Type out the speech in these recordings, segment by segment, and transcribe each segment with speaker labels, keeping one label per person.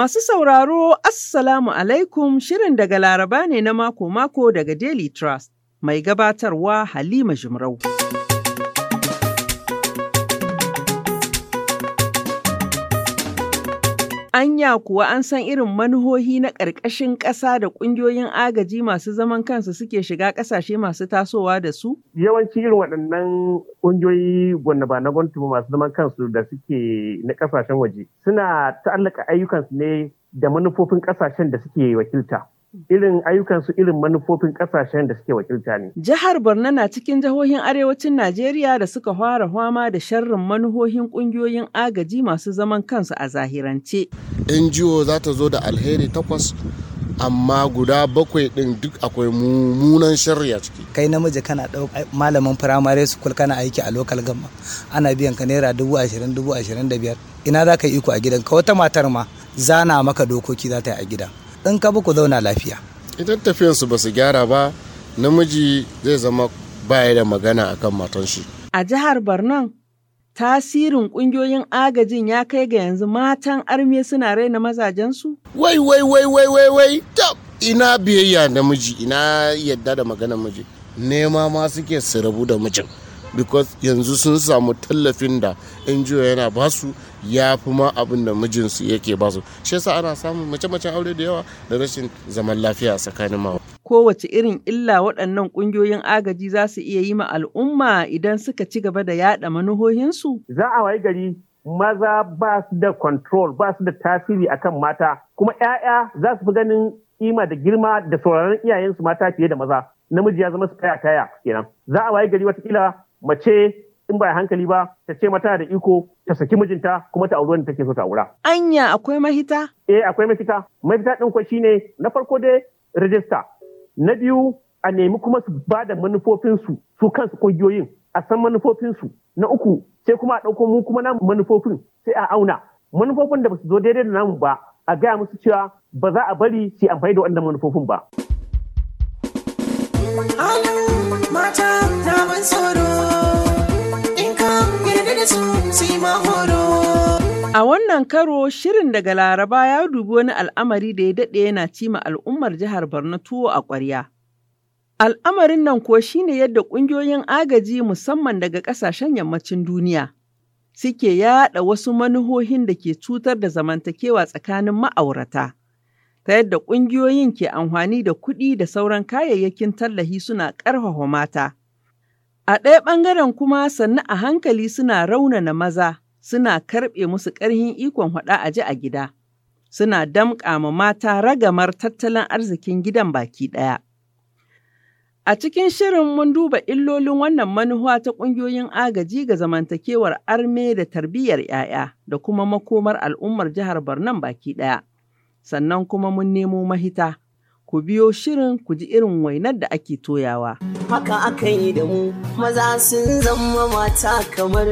Speaker 1: Masu sauraro, Assalamu alaikum shirin daga Laraba ne na mako-mako daga Daily Trust, mai gabatarwa Halima Jumrau. Anya kuwa an san irin manuhohi na ƙarƙashin ƙasa da ƙungiyoyin agaji masu zaman kansu suke shiga ƙasashe masu tasowa da su?
Speaker 2: Yawanci irin waɗannan ƙungiyoyi gwanda ba na gwamnati masu zaman kansu da suke na ƙasashen waje suna ta'allaka ayyukansu ne da manufofin ƙasashen da suke wakilta. irin su irin manufofin kasashen da suke wakilta ne. Jihar Borno na
Speaker 1: cikin jihohin arewacin Najeriya da suka fara hwama da sharrin manuhohin kungiyoyin
Speaker 3: agaji masu zaman kansu a zahirance. NGO za ta zo da alheri takwas amma guda bakwai din duk akwai mummunan sharri a ciki. Kai namiji kana ɗau
Speaker 4: malamin firamare su school kana aiki a lokal gamma ana biyan ka naira dubu ashirin dubu ashirin da biyar ina za ka yi iko a gidan ka wata matar ma zana maka dokoki za ta yi a gidan. in ka
Speaker 3: ku zauna lafiya idan su ba su gyara ba namiji zai zama baya da magana akan matan shi
Speaker 1: a jihar barnan tasirin kungiyoyin agajin ya kai ga yanzu matan arme suna raina mazajensu
Speaker 3: wai wai wai wai wai wai ina biyayya namiji ina yadda da magana miji nema ma suke su rabu da mijin because yanzu sun samu tallafin da NGO yana basu ya fi ma abin da mijinsu yake ba su. shi yasa ana samun mace-macen aure da yawa da rashin zaman lafiya tsakanin mawa
Speaker 1: kowace irin illa waɗannan ƙungiyoyin agaji za su iya
Speaker 2: yi ma al'umma idan suka ci gaba da yaɗa manuhohinsu? Za a wayi gari maza ba su da control ba su da tasiri akan mata kuma 'ya'ya za su fi ganin kima da girma da sauraron iyayensu mata fiye da maza namiji ya zama su kaya taya kenan za a wayi gari watakila mace in ba hankali ba ta ce mata da iko ta saki mijinta kuma ta auri wanda take so ta aura. Anya akwai mahita? Eh akwai mafita. Mafita ɗin kwa ne na farko dai rajista. Na biyu a nemi kuma su ba da manufofinsu su kansu ƙungiyoyin. a san manufofinsu. Na uku sai kuma a ɗauko mu kuma na manufofin sai a auna. Manufofin da ba su zo daidai da namu ba a gaya musu cewa ba za a bari su amfani da wannan manufofin ba.
Speaker 1: mata A wannan karo shirin daga Laraba ya dubi wani al'amari da ya daɗe yana cima al'ummar jihar Borno tuwo a ƙwarya. Al'amarin nan kuwa shine yadda ƙungiyoyin agaji musamman daga ƙasashen yammacin duniya suke yaɗa wasu manuhohin da ke cutar da zamantakewa tsakanin ma'aurata, ta yadda ƙungiyoyin ke amfani da kuɗi da sauran kayayyakin tallahi suna ƙarfafa mata. A ɗaya ɓangaren kuma sannu a hankali suna raunana maza, suna karɓe musu ƙarhin ikon haɗa a ji a gida, suna damƙa ma mata ragamar tattalin arzikin gidan baki ɗaya. A cikin shirin mun duba illolin wannan manuwa ta ƙungiyoyin agaji ga zamantakewar arme da tarbiyyar 'ya'ya da kuma makomar al'ummar jihar Barnan baki ɗaya. Sannan kuma mun nemo mahita ku biyo shirin ku ji irin wainar da ake toyawa.
Speaker 5: Haka aka yi da mu maza sun zama mata kamar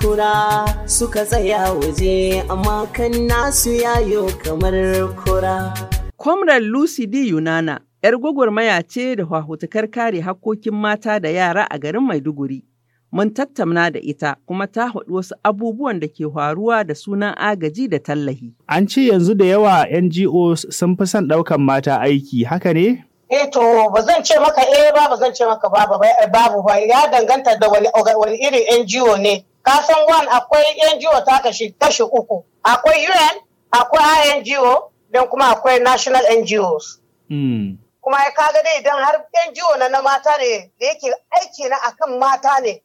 Speaker 5: kura suka tsaya waje amma kan nasu yayo kamar kura. Comrade
Speaker 1: Lucy D. Yunana, 'yar gwagwarmaya ce da hahutukar kare hakkokin mata da yara a garin Maiduguri. Mun tattauna da ita kuma ta haɗu wasu abubuwan da ke faruwa da sunan agaji da tallahi.
Speaker 6: An ce yanzu da yawa NGO sun fi son ɗaukan mata aiki, haka ne?
Speaker 5: eh to ba zan ce maka eh ba ba zan ce maka babu eh, babu ba ya danganta da wani wani irin NGO ne ka san one akwai NGO ta kashi kashi uku akwai UN akwai NGO dan kuma akwai national NGOs hmm. kuma ya kaga dai idan har NGO na na mata ne da yake aiki na akan mata ne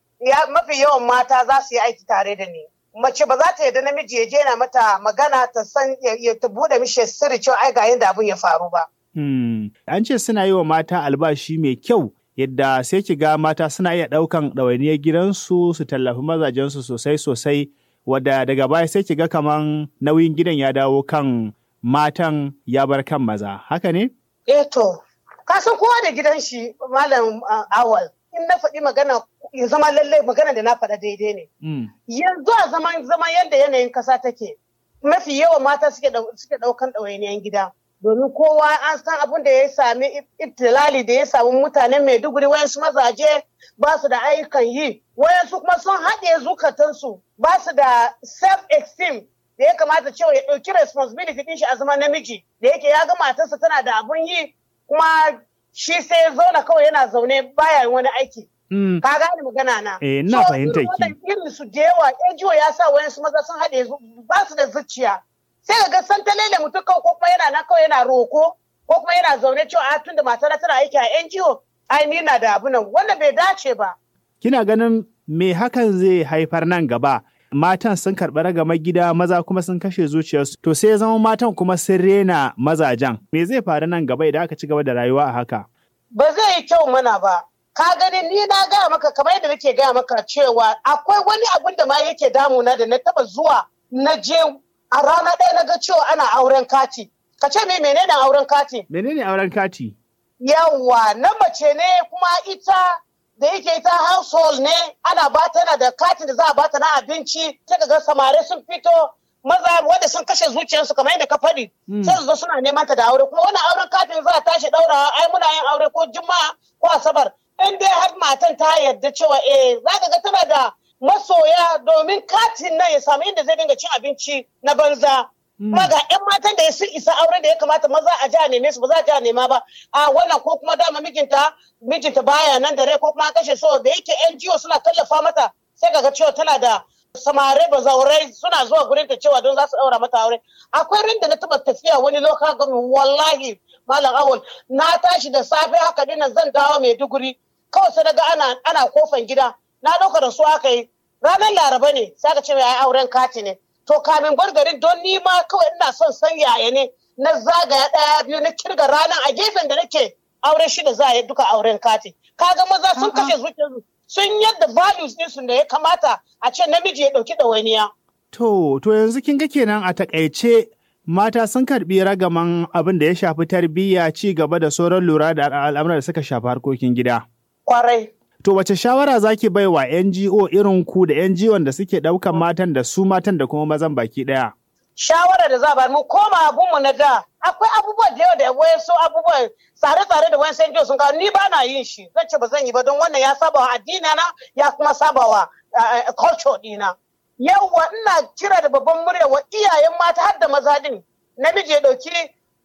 Speaker 5: mafi yawan mata za su yi aiki tare da ni mace ba za ta yarda namiji ya je na mata magana ta san ya ta bude mishi sirri cewa ai ga yadda abin ya faru ba
Speaker 6: hmm. an ce suna yi wa mata albashi mai kyau yadda sai ki ga mata suna iya ɗaukan ɗawainiyar gidansu su tallafi mazajensu sosai sosai wadda daga baya sai ki ga kaman nauyin gidan ya dawo kan matan ya bar kan maza haka ne?
Speaker 5: Eto, eh kasan kowa da gidan shi malam uh, awal in na faɗi magana ya zama lallai magana da na faɗa daidai ne. Mm. Yanzu a zaman zaman yadda yanayin ƙasa take mafi yawan mata suke ɗaukan ɗawainiyan gida. Domin kowa an san abin da ya sami itilali da ya sami mutanen Maiduguri wayansu mazaje ba su da ayyukan yi wayansu kuma sun haɗe zukatansu ba su da self-esteem da ya kamata cewa ya ɗauki responsibility ɗin shi a zama namiji da yake ya ga matarsa tana da abun yi kuma shi sai ya zauna kawai yana zaune baya wani aiki hmm. ka gane magana na eh na fahimta ki wannan irin su da yawa ejiyo ya sa wayan su maza sun haɗe ba su da zuciya sai ka ga san talele mutum kawai ko kuma yana na kawai yana roko ko kuma yana zaune cewa a ah, tunda matar tana aiki a NGO ai ni na da abunan wannan bai dace ba
Speaker 6: kina ganin me hakan zai haifar nan gaba matan sun karɓi ragamar gida maza kuma sun kashe zuciyarsu to sai zama matan kuma sun rena mazajen me zai faru nan gaba idan aka ci gaba da rayuwa a haka
Speaker 5: ba zai yi kyau mana ba ka gani ni na gaya maka kamar yadda nake gaya maka cewa akwai wani abun da ma yake damuna da na taba zuwa na je a rana ɗaya na ga cewa ana auren kati ka ce me menene auren kati
Speaker 6: menene auren kati
Speaker 5: yawa na mace ne kuma ita da yake ta household ne ana ba tana da katin da za a ba ta na abinci ta ga samare sun fito maza wanda sun kashe zuciyarsu kamar yadda ka faɗi hmm. sai su suna neman ta da aure kuma wani auren katin za a tashi ɗaurawa ai muna yin aure ko juma'a ko asabar in dai har matan ta yarda cewa eh za ka ga tana da masoya domin katin nan ya samu inda zai dinga cin abinci na banza Mm. Kuma ga 'yan matan da sun isa aure da ya kamata maza a ja neme su ba za a ja nema ba. A wannan ko kuma dama mijinta mijinta baya nan da rai ko kuma kashe so da yake NGO suna tallafa mata sai ga cewa tana da samare ba zaurai suna zuwa gurinta cewa don za su daura mata aure. Akwai rin da na taba tafiya wani local government wallahi malam awul na tashi da safe haka dina zan dawo mai Maiduguri kawai sai daga ana ana kofan gida na ɗauka da su aka yi ranar laraba ne sai aka ce mai auren kati ne. to kamin bar garin don ni ma kawai ina son san yaya ne na zagaya ɗaya biyu na kirga ranar a gefen da nake aure shida za a yi duka auren kati kaga maza sun kashe zuciyarsu sun yadda values su da ya kamata a ce namiji ya ɗauki ɗawainiya.
Speaker 6: To, to yanzu kin ga kenan a takaice mata sun karbi ragaman abin da ya shafi tarbiyya ci gaba da sauran lura da al'amuran da suka shafi harkokin gida. Kwarai, To wace shawara zaki bai wa NGO irin ku da NGO da suke ɗaukan matan da su matan da kuma mazan baki daya
Speaker 5: Shawara da za a mu koma abunmu na da akwai abubuwa da yawa da su abubuwa tsare-tsare da wayansu NGO sun kawo ni ba na yin shi zan ce ba zan yi ba don wannan ya saba wa addina na ya kuma saba wa eh, eh, culture dina. Yawwa ina kira da babban murya wa iyayen mata har da maza din namiji ya dauki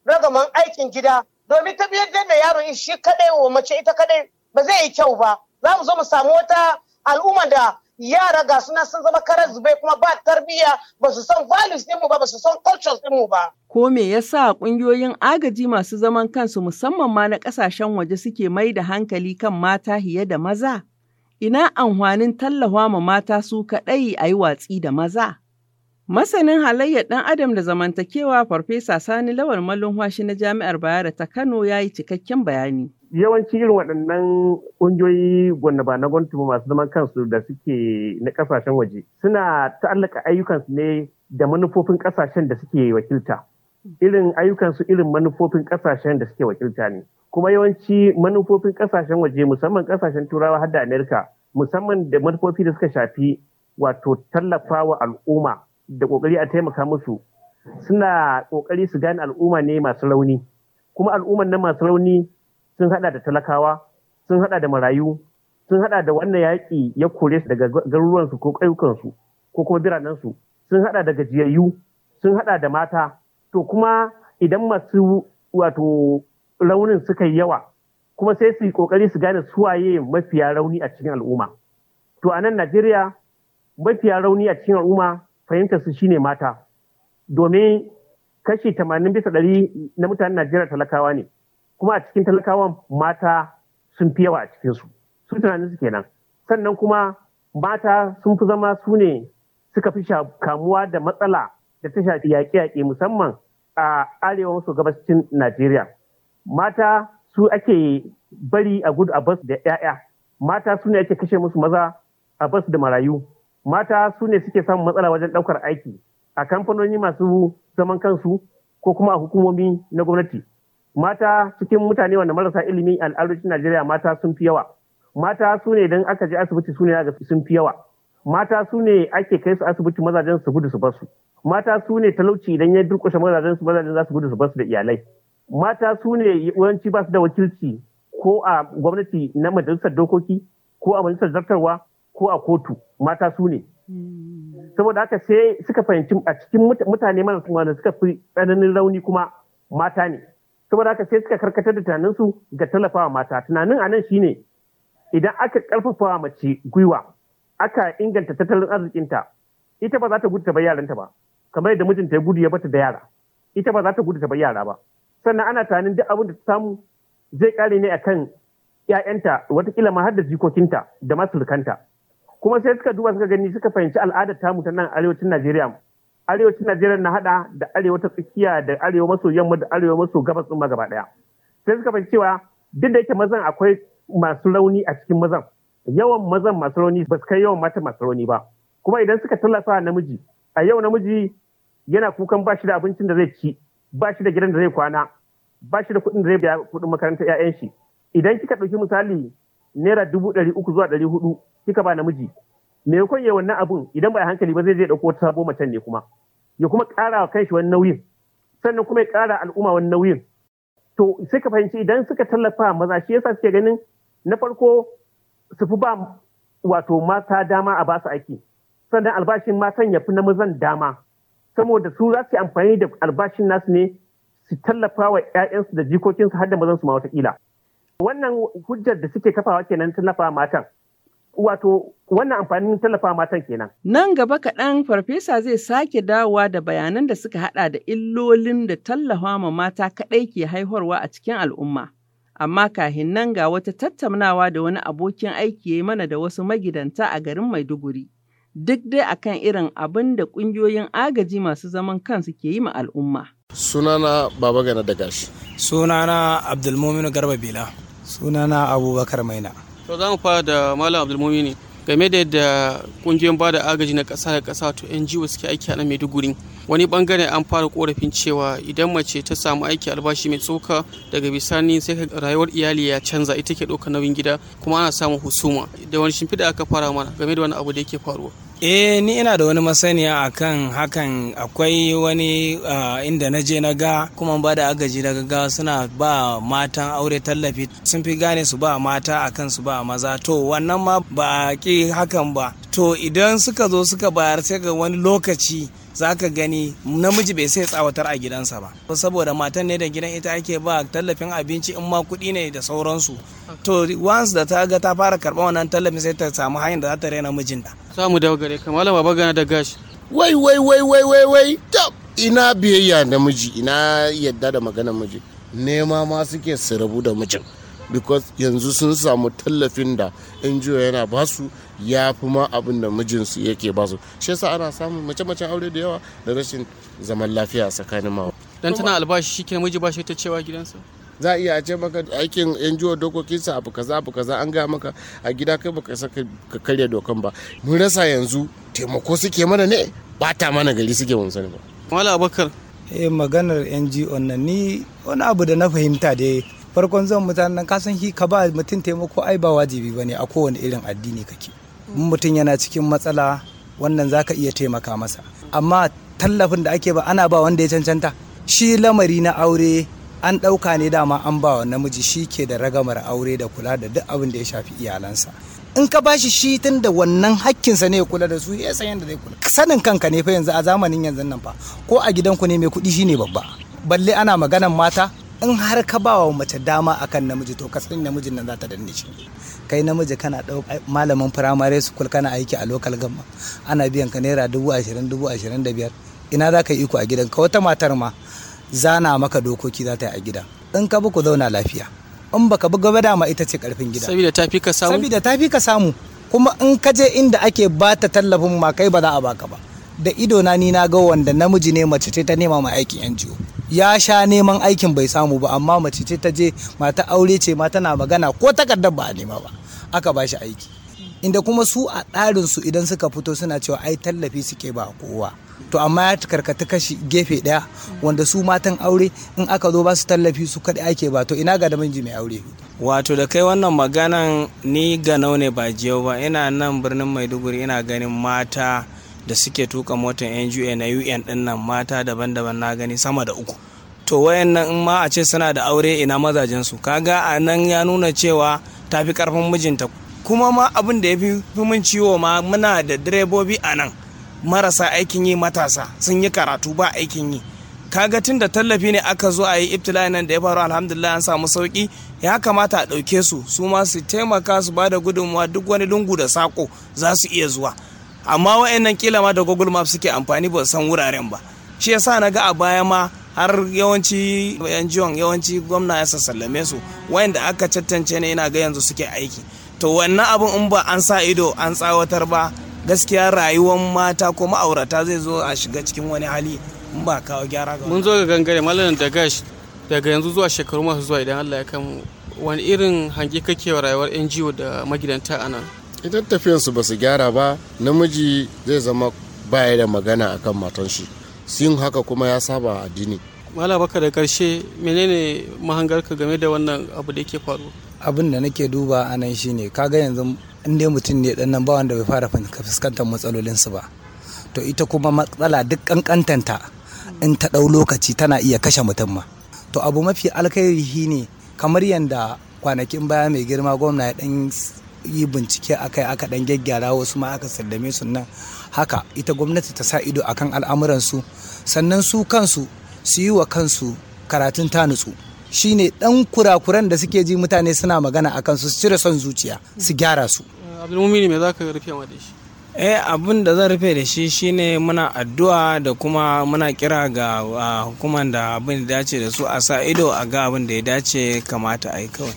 Speaker 5: ragaman aikin gida domin ta biyar da yaro shi kadai wa mace ita kadai ba zai yi kyau ba. za mu zo mu samu wata al'umma da yara ga suna sun zama karar zube kuma ba tarbiyya ba su san values dinmu ba ba su san cultures dinmu ba.
Speaker 1: Ko me yasa ƙungiyoyin agaji masu zaman kansu musamman ma na ƙasashen waje suke mai da hankali kan mata hiye da maza? Ina amfanin tallafa ma mata su kaɗai a yi watsi da maza? Masanin halayyar ɗan adam da zamantakewa Farfesa Sani Lawal Malumhashi na Jami'ar Bayar ta
Speaker 2: Kano ya yi cikakken bayani. yawanci irin waɗannan ƙungiyoyi gwanda ba na gwamnati masu zaman kansu da suke na ƙasashen waje suna ta'allaka ayyukansu ne da manufofin ƙasashen da suke wakilta irin ayyukansu irin manufofin ƙasashen da suke wakilta ne kuma yawanci manufofin ƙasashen waje musamman ƙasashen turawa har da amerika musamman da manufofi da suka shafi wato tallafawa al'umma da ƙoƙari a taimaka musu suna ƙoƙari su gane al'umma ne masu rauni kuma al'umman na masu rauni sun hada da talakawa sun hada da marayu sun hada da wannan yaƙi ya kore su daga garuruwansu ko ƙauyukansu ko kuma biranensu sun hada da gajiyayyu sun hada da mata to kuma idan masu wato raunin suka yi yawa kuma sai su yi kokari su gane suwaye mafiya rauni a cikin al'umma to a nan najeriya mafiya rauni a cikin al'umma fahimtar su shine mata domin kashi tamanin bisa ɗari na mutanen najeriya talakawa ne kuma a cikin talakawan mata sun fi yawa a cikinsu su tunanin su kenan sannan kuma mata sun fi zama su ne suka fi kamuwa da matsala da ta shafi yaƙe-yaƙe musamman a arewa maso gabashin najeriya mata su ake bari a gudu a bas da 'ya'ya mata su ne ake kashe musu maza a bas da marayu mata su ne suke samun matsala wajen ɗaukar aiki a kamfanoni masu zaman kansu ko kuma a hukumomi na gwamnati mata cikin mutane wanda marasa ilimi al'adocin Najeriya mata sun fi yawa mata su ne idan aka je asibiti su ne sun fi yawa mata su ne ake kai su asibiti mazajen su gudu su basu mata su ne talauci idan ya durkushe mazajen su mazajen za su gudu su basu da iyalai mata su ne yawanci ba su da wakilci ko a gwamnati na majalisar dokoki ko a majalisar zartarwa ko a kotu mata su ne saboda haka sai suka fahimci a cikin mutane mana suka fi tsananin rauni kuma mata ne saboda haka sai suka karkatar da tunaninsu ga tallafawa mata tunanin a nan shine idan aka wa mace gwiwa aka inganta tattalin arzikinta ita ba za ta gudu ta bar yaranta ba kamar yadda mijinta ya gudu ya bata da yara ita ba za ta gudu ta bar yara ba sannan ana tunanin duk abin da ta samu zai kare ne akan ƴaƴanta watakila ma har da jikokinta da masulukanta kuma sai suka duba suka gani suka fahimci al'adar tamu ta nan arewacin Najeriya arewacin Najeriya na hada da arewa ta tsakiya da arewa maso yamma da arewa maso gabas din ma gaba daya sai suka fahimci cewa duk da yake mazan akwai masu rauni a cikin mazan yawan mazan masu rauni ba su kai yawan mata masu rauni ba kuma idan suka tallafa namiji a yau namiji yana kukan ba shi da abincin da zai ci ba shi da gidan da zai kwana ba shi da kuɗin da zai biya kuɗin makarantar 'ya'yan shi idan kika ɗauki misali naira dubu ɗari uku zuwa ɗari hudu kika ba namiji Me ya wannan abun idan ba a hankali ba zai je ɗauko wata sabo macen ne kuma ya kuma ƙara wa kanshi wani nauyin sannan kuma ya ƙara al'umma wani nauyin to sai ka fahimci idan suka tallafa maza shi yasa suke ganin na farko su fi ba wato mata dama a basu aiki sannan albashin matan ya fi na mazan dama saboda su za su yi amfani da albashin nasu ne su tallafa wa 'ya'yansu da jikokinsu har da mazan su ma watakila wannan hujjar da suke kafawa kenan tallafa matan wato wannan amfanin tallafa matan kenan.
Speaker 1: Nan gaba kaɗan farfesa zai sake dawowa da bayanan da suka haɗa da illolin da tallafa ma mata kaɗai ke haihuwa a cikin al'umma. Amma kahin nan ga wata tattaunawa da wani abokin aiki ya mana da wasu magidanta a garin Maiduguri. Duk dai akan irin abin da ƙungiyoyin agaji
Speaker 7: masu zaman kansu ke yi ma al'umma.
Speaker 3: Sunana Baba Gana da Sunana
Speaker 7: Abdulmumin Garba Bila. Sunana Abubakar Maina.
Speaker 8: to za mu fara da malam ne game da yadda kungiyoyin da agaji na kasa da kasa to NGO suke aiki a nan Maiduguri wani bangare an fara korafin cewa idan mace ta samu aiki albashi mai tsoka daga bisani sai ka rayuwar iyali ya canza ita ke ɗaukar nauyin gida kuma ana samun husuma da wani shimfiɗa aka fara mana game da wani abu da yake faruwa
Speaker 7: eh ni ina da wani masaniya akan hakan akwai wani ah, inda na je na ga kuma ba da agaji na ga suna ba matan aure tallafi sun fi gane su ba mata akan su ba maza to wannan ma ba ki hakan ba to idan suka zo suka bayar sai ga wani lokaci za ka gani namiji bai sai tsawatar a gidansa ba saboda matan ne da gidan ita ake ba tallafin abinci in ma kuɗi ne da sauransu to once da ta ga ta fara karɓar wannan tallafin sai ta
Speaker 3: samu hanyar da za ta mijin
Speaker 8: da samu da gare ka malama bagana da gashi
Speaker 3: wai wai wai wai wai wai ina biyayya namiji ina yadda da magana miji nema ma suke su rabu da mijin because yanzu sun samu tallafin da NGO yana basu ya fi ma abin da mijinsu yake basu shi yasa ana samun mace-macen aure da yawa da rashin zaman lafiya tsakanin mawa dan tana
Speaker 8: albashi shike miji ba shi ta cewa gidansa
Speaker 3: za a iya ce maka aikin yan jiwa dokokinsa abu kaza abu kaza an gaya maka a gida kai baka saka ka karya dokan ba mun rasa yanzu taimako suke mana ne bata mana gari suke mun sani ba mala abakar
Speaker 4: eh maganar ngo nan ni wani abu da na fahimta dai farkon zan mutanen nan kasan hi ka ba mutum taimako ai ba wajibi ba ne a kowane irin addini kake in mutum yana cikin matsala wannan za ka iya taimaka masa amma tallafin da ake ba ana ba wanda ya cancanta shi lamari na aure an ɗauka ne dama an ba wa namiji shi ke da ragamar aure da kula da duk abin da ya shafi iyalansa in ka bashi shi tun da wannan hakkinsa ne ya kula da su ya san yadda zai kula sanin kanka ne fa yanzu a zamanin yanzu nan fa ko a gidanku ne mai kuɗi shi ne babba balle ana maganan mata in har ka ba wa mace dama akan namiji to kasan namijin nan za ta danne shi kai namiji kana ɗau malamin firamare school kana aiki a lokal gamma ana biyan ka naira dubu ashirin dubu ashirin da biyar ina za ka iko a gidan ka wata matar ma zana maka dokoki za ta yi a gida in ka bi ku zauna lafiya in baka bi gaba dama ita ce karfin gida saboda
Speaker 8: ta fi ka samu saboda
Speaker 4: ta fi ka samu kuma in ka je inda ake ba ta tallafin ma kai ba za a baka ba da ido na ni na ga wanda namiji ne mace ce ta nema ma aikin NGO ya sha neman aikin bai samu ba amma mace ce ta je mata aure ce ma tana magana ko takardar ba a nema ba aka ba shi aiki inda kuma su a tsarin su idan suka fito suna cewa ai tallafi suke ba kowa to amma ya karkata kashi gefe ɗaya wanda su matan aure in aka zo ba su tallafi su kaɗai ake ba to ina ga da mai aure
Speaker 7: wato da kai wannan maganan ni ga ne ba jiyau ba ina nan birnin maiduguri ina ganin mata da suke tuka motar NGA na UN din mata daban-daban na gani sama da uku to wayannan in ma a ce suna da aure ina mazajen su kaga a nan ya nuna cewa ta fi karfin mijinta kuma ma abin da ya fi min ciwo ma muna da direbobi a nan marasa aikin yi matasa sun yi karatu ba aikin yi kaga tun da tallafi ne aka zo a yi ibtila'i nan da ya faru alhamdulillah an samu sauki ya kamata a ɗauke su su ma su taimaka su ba da gudunmuwa duk wani lungu da sako za su iya zuwa amma wa'annan kila ma da google maps suke amfani ba san wuraren ba shi yasa na ga a baya ma har yawanci yawanci gwamna ya sassallame su wayanda aka cancance ne ina ga yanzu suke aiki to wannan abin in ba an sa ido an tsawatar ba gaskiya rayuwar mata ko ma'aurata zai zo a shiga cikin wani hali in ba kawo gyara ga mun
Speaker 8: zo ga gangare malamin da gash daga yanzu zuwa shekaru masu zuwa idan Allah ya kan wani irin hangi kake rayuwar NGO da magidanta a nan
Speaker 3: idan tafiyansu ba su gyara ba namiji zai zama baya da magana akan matan shi sun haka kuma ya saba addini
Speaker 8: mala baka da karshe menene mahangarka game da wannan abu da ke faru
Speaker 4: abin da nake duba a nan shine kaga yanzu in dai mutum ne dan nan ba wanda bai fara fuskantar matsalolin su ba to ita kuma matsala duk kankantanta in ta ɗau lokaci tana iya kashe mutum ma to abu mafi alkhairi ne kamar yadda kwanakin baya mai girma gwamna ya ɗan yi bincike akai aka dan gyaggyara wasu ma aka sallame su nan haka ita gwamnati ta sa ido akan al'amuransu sannan su kansu su yi wa kansu karatun ta nutsu shine dan kurakuran da suke ji mutane suna magana a kansu su cire son zuciya su gyara su
Speaker 7: abdulmumini
Speaker 8: me zaka rufe wa shi
Speaker 7: eh abin da zan rufe da shi shine muna addu'a da kuma muna kira ga ah, hukumar da abin da dace da su a sa ido a ga abin da ya dace kamata a yi kawai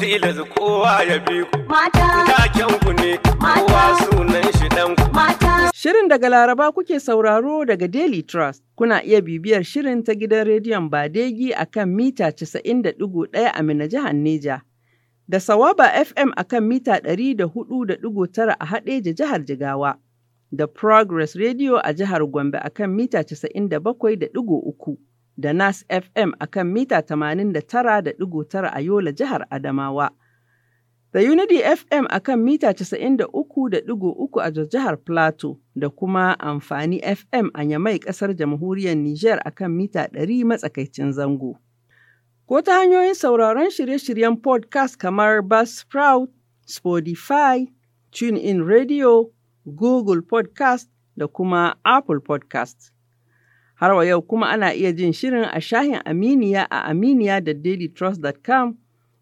Speaker 7: tilas kowa ya bi ku. Mata. Taken ku ne kowa sunan shi dan ku.
Speaker 1: Mata. Shirin daga Laraba kuke sauraro daga Daily Trust. Kuna iya bibiyar shirin ta gidan rediyon Badegi a kan mita 90.1 a Mina jihar Neja. Da Sawaba FM a kan mita 104.9 a Haɗeja jihar Jigawa. Da Progress Radio a jihar Gombe a kan mita 97.3. da Nas FM a kan mita 89.9 a Yola jihar Adamawa. Da Unity FM a kan mita 93.3 a jihar Plateau da kuma amfani FM a Yamai ƙasar jamhuriyar Nijar a kan mita 100 matsakaicin zango. Ko ta hanyoyin sauraron shirye-shiryen podcast kamar Buzzsprout, Spotify, TuneIn Radio, Google Podcast da kuma Apple Podcast. Har wa yau kuma ana iya jin shirin a shahin Aminiya a aminiya da dailytrust.com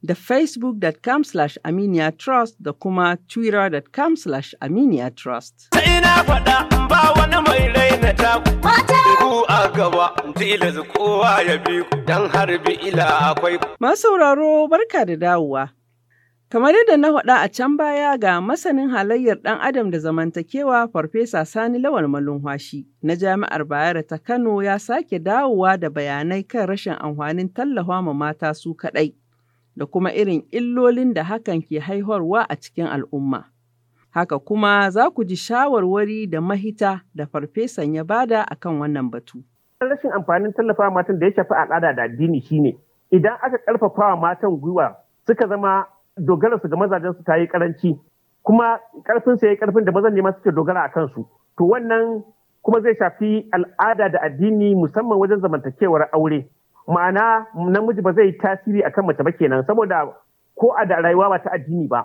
Speaker 1: da facebook.com slash aminiya trust da kuma twitter.com slash aminiya trust. Ta ina
Speaker 7: faɗa ba wani mai raina ta ku. Ku a gaba tilas kowa ya bi ku don
Speaker 2: harbi ila akwai ku.
Speaker 1: Masu sauraro barka da dawowa. Kamar yadda na faɗa a can baya ga masanin halayyar ɗan adam da zamantakewa Farfesa Sani Lawal Malumhashi na Jami'ar Bayero ta Kano ya sake dawowa da bayanai kan rashin amfanin tallafa ma mata su kaɗai da kuma irin illolin da hakan ke haihuwa a cikin al'umma. Haka kuma za ku ji shawarwari da mahita da farfesan ya bada a kan wannan batu.
Speaker 2: Rashin amfanin tallafa matan da ya shafi al'ada da addini shine idan aka ƙarfafa matan gwiwa suka zama dogara su ga mazajen su ta yi karanci kuma karfin su yayi karfin da mazan ne ma suke dogara a kansu to wannan kuma zai shafi al'ada da addini musamman wajen zamantakewar aure ma'ana namiji ba zai yi tasiri akan mace ba kenan saboda ko a da rayuwa ba ta addini ba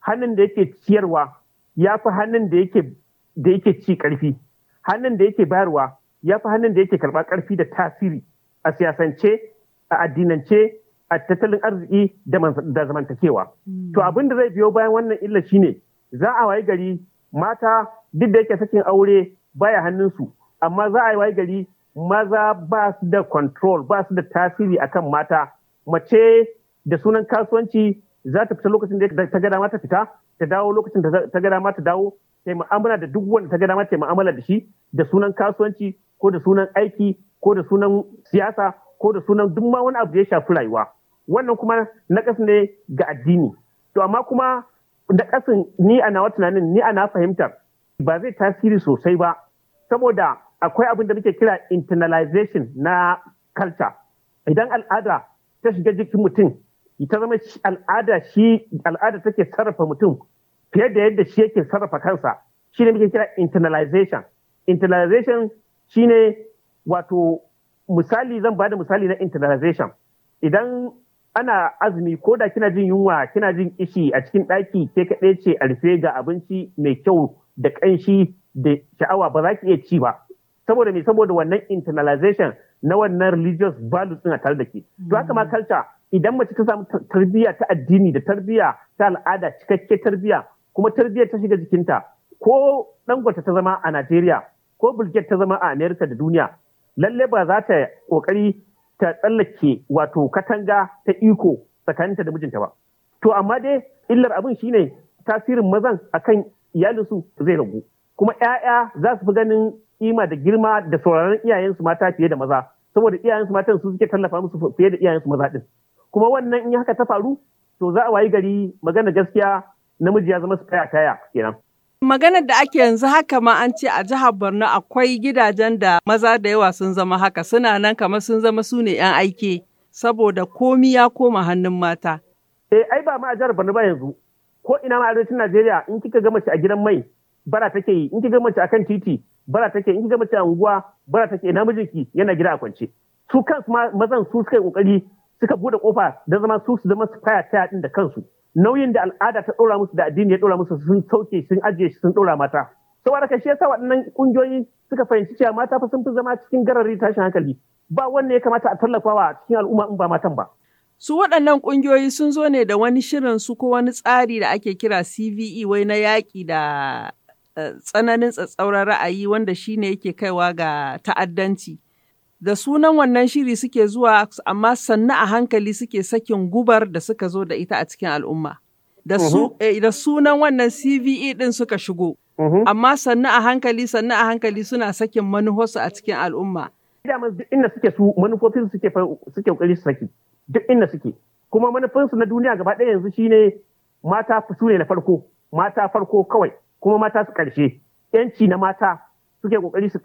Speaker 2: hannun da yake ciyarwa ya fi hannun da yake da yake ci karfi hannun da yake bayarwa ya fi hannun da yake karɓa karfi da tasiri a siyasance a addinance a tattalin arziki da zamantakewa. Hmm. To abin da zai biyo bayan wannan illa ne za a wayi gari mata duk da yake sakin aure baya hannunsu amma za a wayi gari maza ba su da control ba su da tasiri akan mata mace da sunan kasuwanci za ta fita lokacin da ta gada mata fita ta dawo lokacin da ta gada mata ta dawo ta mu'amala da duk wanda ta gada mata ta mu'amala da shi da sunan kasuwanci ko da sunan aiki ko da sunan siyasa ko da sunan duk ma wani abu ya shafi rayuwa. wannan kuma ƙasa ne ga addini to amma kuma ƙasa ni a nawa tunanin ni a na fahimtar ba zai tasiri sosai ba saboda akwai abin da muke kira internalization na culture idan al'ada ta shiga jikin mutum ta zama al'ada shi al'ada take sarrafa mutum fiye da yadda shi yake sarrafa kansa shi ne muke kira internalization internalization shine wato misali zan ba da misali na internalization idan ana azumi ko da kina jin yunwa kina jin ishi a cikin ɗaki ke kaɗai ce a rufe ga abinci mai kyau da ƙanshi da sha'awa ba za ki iya ci ba saboda me saboda wannan internalization na wannan religious values din a tare da ke to haka ma kalta mm. idan mace ta samu tarbiyya ta addini da tarbiyya ta al'ada cikakke tarbiyya kuma tarbiyyar ta shiga jikinta ko dangwata ta zama a Najeriya ko bulget ta zama a america da duniya lalle ba za ta kokari ta tsallake wato katanga ta iko tsakaninta da mijinta ba. To amma dai illar abin shine tasirin mazan akan iyalinsu zai ragu. Kuma 'ya'ya za su fi ganin kima da girma da sauraron iyayensu mata fiye da maza. Saboda iyayensu matan su suke tallafa musu fiye da iyayensu maza ɗin. Kuma wannan in haka ta faru to za a wayi gari magana gaskiya namiji ya zama su kaya kaya kenan.
Speaker 1: Maganar da ake yanzu haka ma an ce a jihar Borno akwai gidajen da maza da yawa sun zama haka suna nan kamar sun zama su ne 'yan aiki saboda komi ya koma hannun
Speaker 2: mata. Eh ai ba ma a jihar Borno ba yanzu ko ina ma arewacin Najeriya in kika ga mace a gidan mai bara take yi in kika ga mace akan titi bara take in kika ga mace a unguwa bara take ina mijinki yana gida a Su kansu mazan su suka yi kokari suka bude kofa da zama su zama su faya ta da kansu. nauyin da al'ada ta ɗora musu da addini ya ɗora musu sun sauke sun ajiye shi sun ɗora mata saboda kashi ya yasa waɗannan kungiyoyi suka fahimci cewa mata fa sun fi zama cikin garari tashin hankali ba wanda ya kamata a tallafawa cikin al'umma in ba matan ba
Speaker 1: Su waɗannan kungiyoyi sun zo ne da wani shirin su ko wani tsari da ake kira CVE wai na yaƙi da eh, tsananin tsatsauran ra'ayi wanda shine yake kaiwa ga ta'addanci. da sunan wannan shiri suke zuwa amma sannu a hankali suke sakin gubar da suka zo da ita a cikin al'umma. Da, su, mhm. eh, da sunan wannan CVE ɗin suka shigo, mhm. amma sannu a hankali sannu a hankali suna sakin manufosu a cikin al'umma.
Speaker 2: duk inda suke su manufofin suke suke kokari su saki duk inda suke kuma manufinsu na duniya gaba ɗaya yanzu shine mata su ne na farko mata farko kawai kuma mata su ƙarshe yanci na mata suke kokari su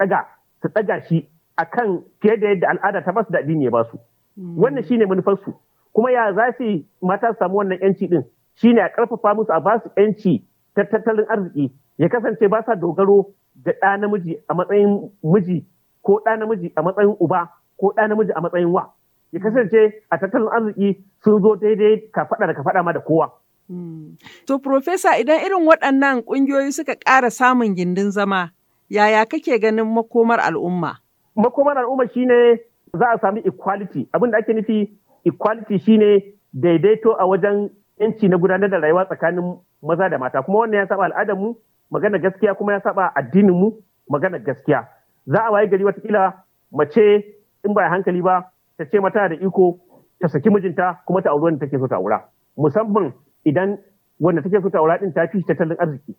Speaker 2: su ɗaga shi a kan fiye da yadda al'ada ta basu da addini ya basu hmm. wannan shi shine manufarsu kuma ya za su mata samu wannan yanci din ne a karfafa musu a basu yanci ta tattalin arziki ya kasance ba sa dogaro da ɗa namiji a matsayin miji ko ɗa namiji a matsayin uba ko ɗa namiji a matsayin wa ya kasance a tattalin arziki sun zo daidai ka faɗa da ka faɗa ma da kowa. Hmm. To
Speaker 1: Profesa idan irin waɗannan ƙungiyoyi suka ƙara samun gindin zama yaya kake ganin
Speaker 2: makomar al'umma? makoman al'umma shine za a sami equality abin da ake nufi equality shine daidaito a wajen yanci na gudanar da rayuwa tsakanin maza da mata kuma wannan ya saba al'adar mu magana gaskiya kuma ya saba addinin mu magana gaskiya za a waye gari kila mace in ba hankali ba ta ce mata da iko ta saki mijinta kuma ta auri wanda take so ta aura musamman idan wanda take so ta aura din ta fi tattalin arziki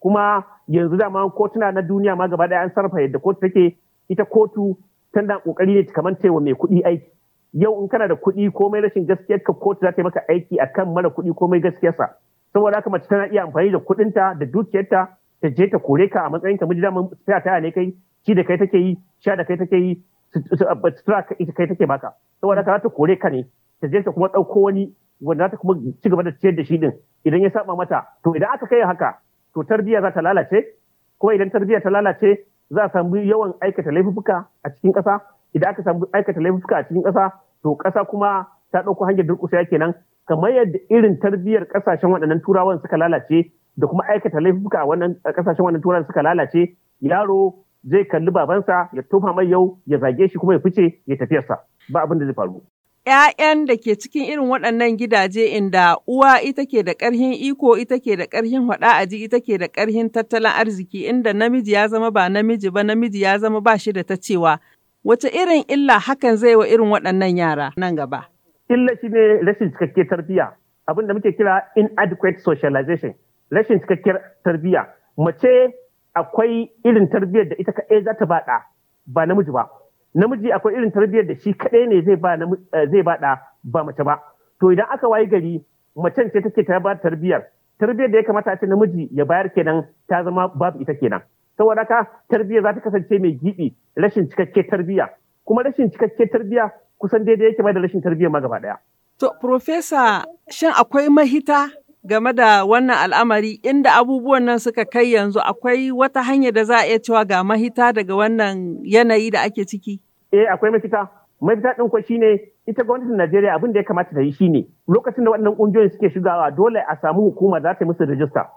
Speaker 2: kuma yanzu dama kotuna na duniya ma gaba daya an sarrafa yadda kotu take ita kotu tana kokari ne kamar cewa mai kuɗi aiki yau in kana da kuɗi komai rashin gaskiyar ka kotu za ta yi maka aiki a kan mara kuɗi komai gaskiyarsa saboda haka mace tana iya amfani da kuɗinta da dukiyarta ta je ta kore ka a matsayin ka miji daman tsaya ta ne kai ci da kai take yi sha da kai take yi sutura kai take baka saboda haka za ta kore ka ne ta je ta kuma ɗauko wani wanda za ta kuma ci gaba da ciyar da shi din idan ya saba mata to idan aka kai haka to tarbiyya za ta lalace kuma idan tarbiyya ta lalace za a samu yawan aikata laifuka a cikin ƙasa idan aka samu aikata laifuka a cikin ƙasa to ƙasa kuma ta ɗauko hanyar durƙusa kenan kamar yadda irin tarbiyyar ƙasashen waɗannan turawan suka lalace da kuma aikata laifuka a wannan ƙasashen waɗannan turawan suka lalace yaro zai kalli babansa ya tofa mai yau ya zage shi kuma ya fice ya tafiyarsa ba abin da zai faru.
Speaker 1: ‘ya'yan da ke cikin irin waɗannan gidaje inda uwa ita ke da ƙarhin iko ita ke da ƙarhin haɗa aji ita ke da ƙarhin tattalin arziki inda namiji ya zama ba namiji ba namiji ya zama ba shi da ta cewa wace irin illa hakan zai wa irin waɗannan yara nan gaba.
Speaker 2: Illa shi ne rashin cikakkiyar tarbiyya abin da muke kira inadequate socialization rashin cikakkiyar tarbiyya mace akwai irin tarbiyyar da ita kaɗai za ta baɗa ba namiji ba. namiji akwai irin tarbiyyar da shi kadai ne zai ba eh, zai ba ba mace ba to idan aka wayi gari macen ce take ta ba tarbiyyar tarbiyyar da ya kamata a ce namiji ya bayar kenan ta zama babu ita kenan saboda ka tarbiyya za ta kasance mai gibi rashin cikakke tarbiyya kuma rashin cikakke tarbiyya kusan daidai yake mai da rashin tarbiyya ma gaba ɗaya.
Speaker 1: To, Profesa, shin akwai mahita game da wannan al'amari inda abubuwan nan suka kai yanzu akwai wata hanya da za a iya cewa ga mahita daga wannan yanayi da ake ciki?
Speaker 2: Eh akwai mafita. Mafita ɗin shi ne ita gwamnatin Najeriya abin da ya kamata ta yi shine lokacin da waɗannan ƙungiyoyin suke shigawa dole a samu hukuma za ta yi musu rajista.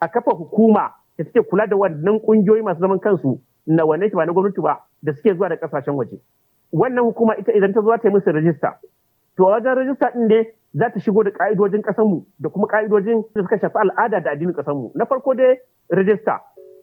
Speaker 2: A kafa hukuma da take kula da waɗannan ƙungiyoyi masu zaman kansu na wanne ba na gwamnati ba da suke zuwa da ƙasashen waje. Wannan hukuma ita idan ta zo ta yi musu rajista. To a wajen rajista ɗin ne za ta shigo da ƙa'idojin ƙasanmu da kuma ƙa'idojin da suka shafi al'ada da addinin ƙasanmu Na farko dai rajista,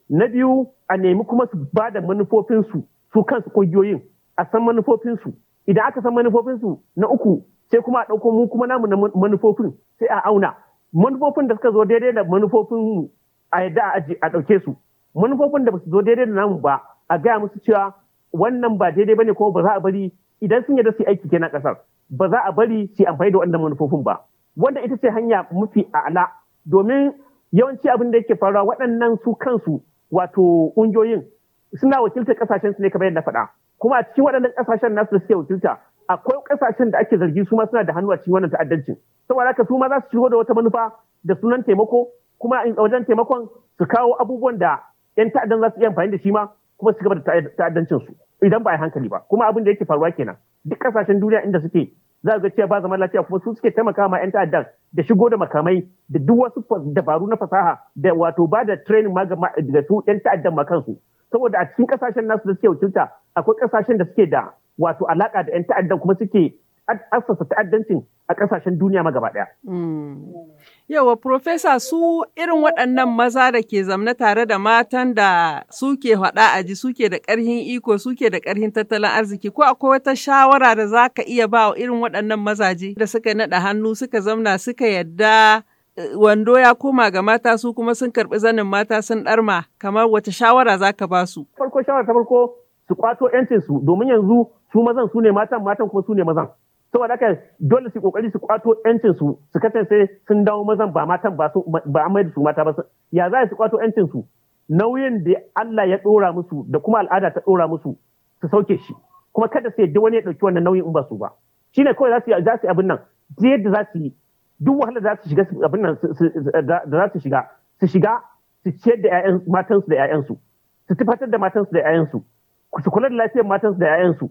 Speaker 2: na biyu a nemi kuma su ba da manufofinsu su kansu ƙungiyoyin a san manufofinsu. Idan aka san manufofinsu na uku sai kuma a ɗauko mu kuma namu na manufofin sai a auna. Manufofin da suka zo daidai da manufofin a yadda a a ɗauke su. Manufofin da ba su zo daidai da namu ba a gaya musu cewa wannan ba daidai bane kuma ba za a bari idan sun yarda su yi aiki kenan ƙasar. ba za a bari su amfani da wannan manufofin ba wanda ita ce hanya mafi a'ala domin yawanci abin da yake faruwa waɗannan su kansu wato ƙungiyoyin suna wakiltar ƙasashen su ne kamar yadda faɗa kuma a cikin waɗannan ƙasashen nasu da suke wakilta akwai ƙasashen da ake zargi su ma suna da hannu a cikin wannan ta'addancin saboda haka su ma za su shigo da wata manufa da sunan taimako kuma a wajen taimakon su kawo abubuwan da 'yan ta'addan za su iya amfani da shi ma kuma su gaba da ta'addancin su idan ba a hankali ba kuma abin da yake faruwa kenan duk kasashen duniya inda suke za ga cewa ba zama lafiya kuma su suke taimakawa ma 'yan ta'addar da shigo da makamai da duk wasu dabaru na fasaha da wato ba da training ma ga su 'yan ta'addar ma kansu saboda a cikin kasashen nasu da suke wakilta akwai kasashen da suke da wato alaka da 'yan ta'addan kuma suke assasa ta'addancin a ƙasashen duniya ma gaba daya. Mm.
Speaker 1: Yawa, Profesa, su irin waɗannan maza da ke zamna tare da matan da suke haɗa aji suke da ƙarhin iko suke da ƙarhin tattalin arziki ko akwai wata shawara da za ka iya ba wa irin waɗannan mazaje da suka naɗa hannu suka zamna suka yadda eh, wando ya koma ga mata su kuma sun karɓi zanin mata sun ɗarma kamar wata shawara za ka ba su.
Speaker 2: Farko shawara ta farko su kwato 'yancinsu domin yanzu su mazan su ne matan matan kuma su ne mazan. saboda haka dole su kokari su kwato yancin su su kasance sun dawo mazan ba matan ba su ba amai da su mata ba ya za su kwato yancin su nauyin da Allah ya dora musu da kuma al'ada ta dora musu su sauke shi kuma kada su yadda wani ya dauki wannan nauyin in ba su ba shine kawai za su za su abin nan yadda za su yi duk wahalar da za su shiga abin nan da za su shiga su shiga su ciyar da ƴaƴan matansu da ƴaƴansu su tufatar da matansu da 'ya'yansu su kula da lafiyar matansu da 'ya'yansu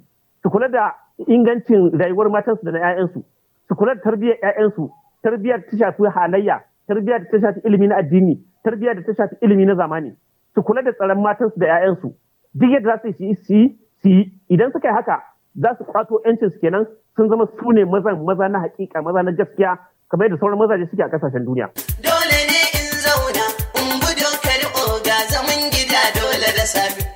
Speaker 2: su kula da ingancin rayuwar matansu da na 'ya'yansu su kula da tarbiyyar 'ya'yansu tarbiyyar ta shafi halayya tarbiyyar da ta shafi ilimi na addini tarbiyyar da ta shafi ilimi na zamani su kula da tsaron matansu da 'ya'yansu duk yadda za su yi su yi su yi idan suka yi haka za su kwato 'yancin su kenan sun zama su ne mazan maza na hakika maza na gaskiya kamar yadda sauran mazaje suke a kasashen duniya. Dole
Speaker 5: ne in zauna in gudun kar oga zaman gida dole da sabi.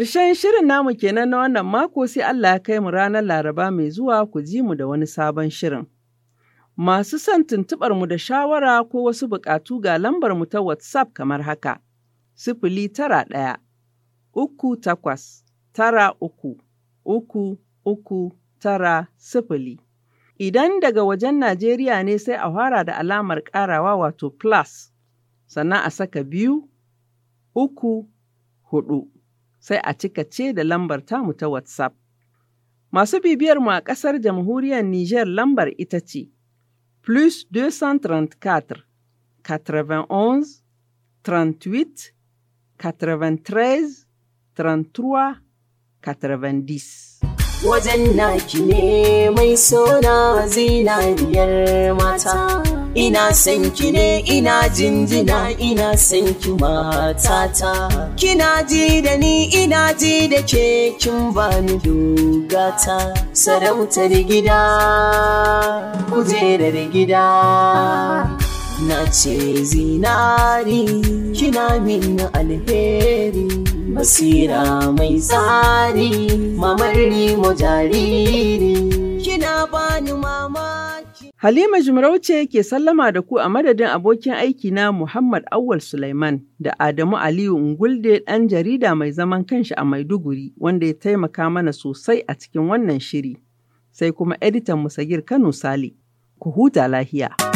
Speaker 1: Karshen shirin namu kenan na wannan mako sai Allah ya kai mu ranar Laraba mai zuwa ku ji mu da wani sabon shirin. Masu son tuntuɓar mu da shawara ko wasu buƙatu ga lambar mu ta WhatsApp kamar haka. Sifili tara ɗaya, uku takwas, tara uku, uku uku tara sifili. Idan daga wajen Najeriya ne sai a fara da alamar ƙarawa wato plus, sannan a saka biyu, uku, huɗu. sai a cika ce da lambar tamu ta WhatsApp. Masu bibiyar mu a ƙasar jamhuriyar Nijar lambar ita ce, plus 234, 91, 38, 93, 33, 90.
Speaker 5: Wajen naki ne mai sona
Speaker 1: zinariyar mata. ina san ki ne ina jinjina ina san ki matata kina ji da ni ina ji da ke
Speaker 5: kin bani dogata sarautar gida kujerar gida na ce zinari
Speaker 1: kina min alheri basira mai tsari mamar mu jariri kina bani mama Halima Jimarauce ke sallama da ku a madadin abokin aiki na Muhammad Awal Sulaiman da Adamu Aliyu Ngulde ɗan jarida mai zaman kanshi a Maiduguri wanda ya taimaka mana sosai a cikin wannan shiri. Sai kuma editan Musagir Kano Sale. Ku huta lahiya.